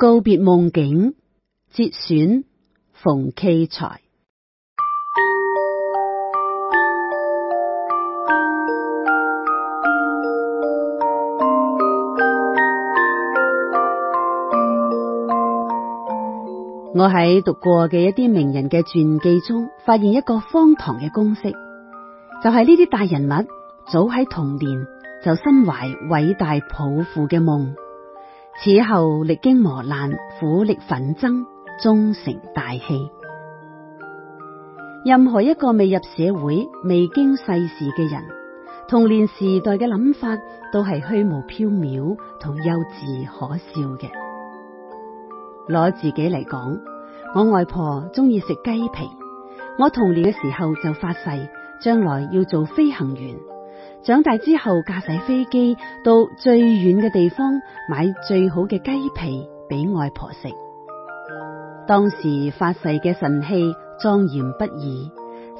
告別夢境，節選，馮驥才。 我喺讀過嘅一啲名人嘅傳記中，發現一個荒唐嘅公式，就係呢啲大人物早喺童年就身懷偉大抱負嘅夢。此後歷經磨難，苦力奮爭，終成大器。任何一個未入社會、未經世事嘅人，童年時代嘅諗法都係虛無縹緲同幼稚可笑嘅。攞自己嚟講，我外婆中意食雞皮，我童年嘅時候就發誓，將來要做飛行員。長大之後駕駛飛機到最遠嘅地方，買最好嘅雞皮俾外婆食。當時發誓嘅神氣莊嚴不已，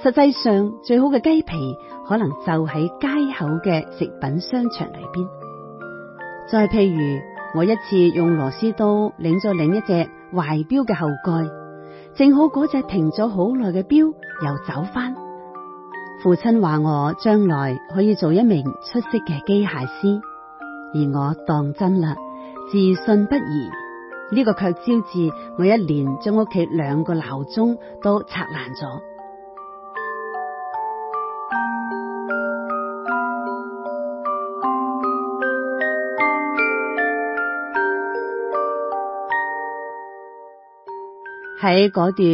實際上最好嘅雞皮可能就喺街口嘅食品商場裏邊。再譬如，我一次用螺絲刀擰咗另一隻懷表嘅後蓋，正好嗰隻停咗好耐嘅表又走翻。父親話我將來可以做一名出色嘅機械師，而我當真啦，自信不疑。呢、這個卻招致我一年將屋企兩個鬧鐘都拆爛咗。喺嗰段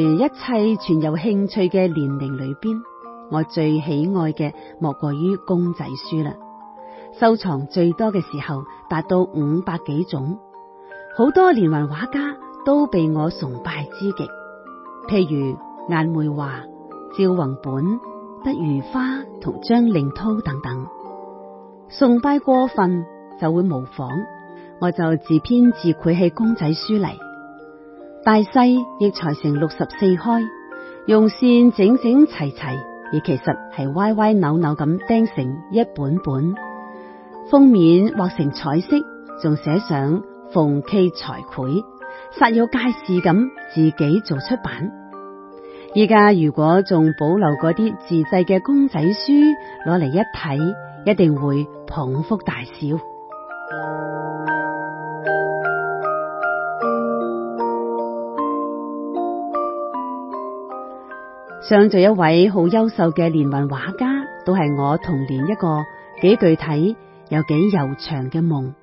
一切全有興趣嘅年齡裏邊。我最喜愛嘅莫過於公仔書啦，收藏最多嘅時候達到五百幾種。好多連環畫家都被我崇拜之極，譬如顏梅華、趙宏本、畢如花同張令濤等等。崇拜過分就會模仿，我就自編自繪起公仔書嚟，大細亦才成六十四開，用線整整齊齊。你其實係歪歪扭扭咁釘成一本本，封面畫成彩色，仲寫上馮驥才繪，煞有介事咁自己做出版。依家如果仲保留嗰啲自製嘅公仔書攞嚟一睇，一定會捧腹大笑。想做一位好優秀嘅連環畫家，都係我童年一個幾具體又幾悠長嘅夢。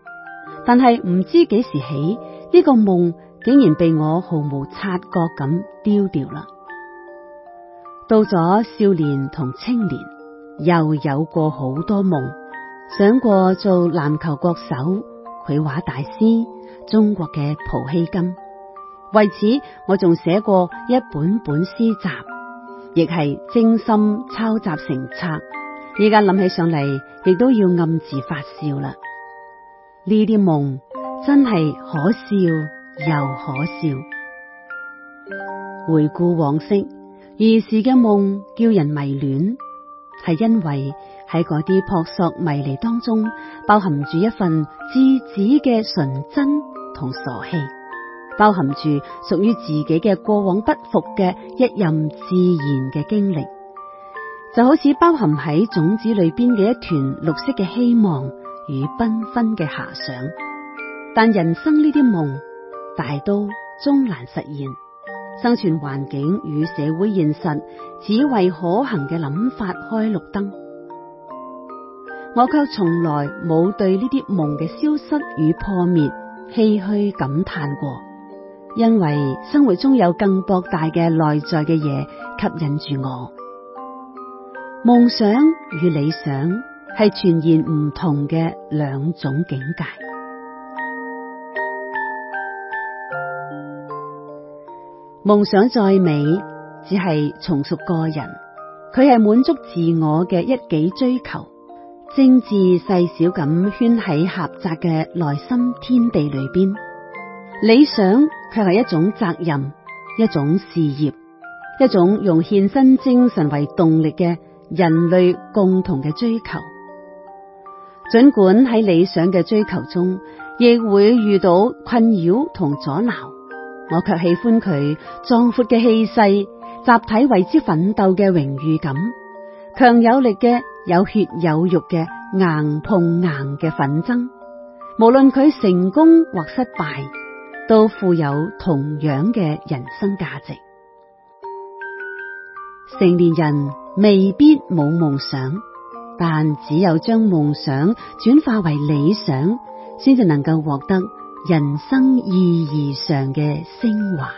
但係唔知幾時起，呢個夢竟然被我毫無察覺咁丟掉啦。到咗少年同青年，又有過好多夢，想過做籃球國手、繪畫大師、中國嘅蒲希金。為此，我仲寫過一本本詩集。亦係精心抄集成冊，依家諗起上嚟，亦都要暗自發笑啦！呢啲夢真係可笑又可笑。回顧往昔，兒時嘅夢叫人迷戀，係因為喺嗰啲撲朔迷離當中，包含住一份稚子嘅純真同傻氣。包含住屬於自己嘅過往，不復嘅一任自然嘅經歷，就好似包含喺種子裏邊嘅一團綠色嘅希望與繽紛嘅遐想。但人生呢啲夢大都終難實現，生存環境與社會現實只為可行嘅諗法開綠燈。我卻從來冇對呢啲夢嘅消失與破滅唏噓感嘆過。因為生活中有更博大嘅內在嘅嘢，吸引住我，夢想與理想係全然唔同嘅兩種境界。夢想再美，只係從屬個人，佢係滿足自我嘅一己追求，精緻細小咁圈喺狹窄嘅內心天地裏邊。理想卻係一種責任，一種事業，一種用獻身精神為動力嘅人類共同嘅追求。盡管喺理想嘅追求中，亦會遇到困擾同阻撓，我卻喜歡佢壯闊嘅氣勢，集體為之奮鬥嘅榮譽感，強有力嘅有血有肉嘅硬碰硬嘅奮爭。無論佢成功或失敗，都富有同樣嘅人生價值。成年人未必冇夢想，但只有將夢想轉化為理想，先至能夠獲得人生意義上嘅升華。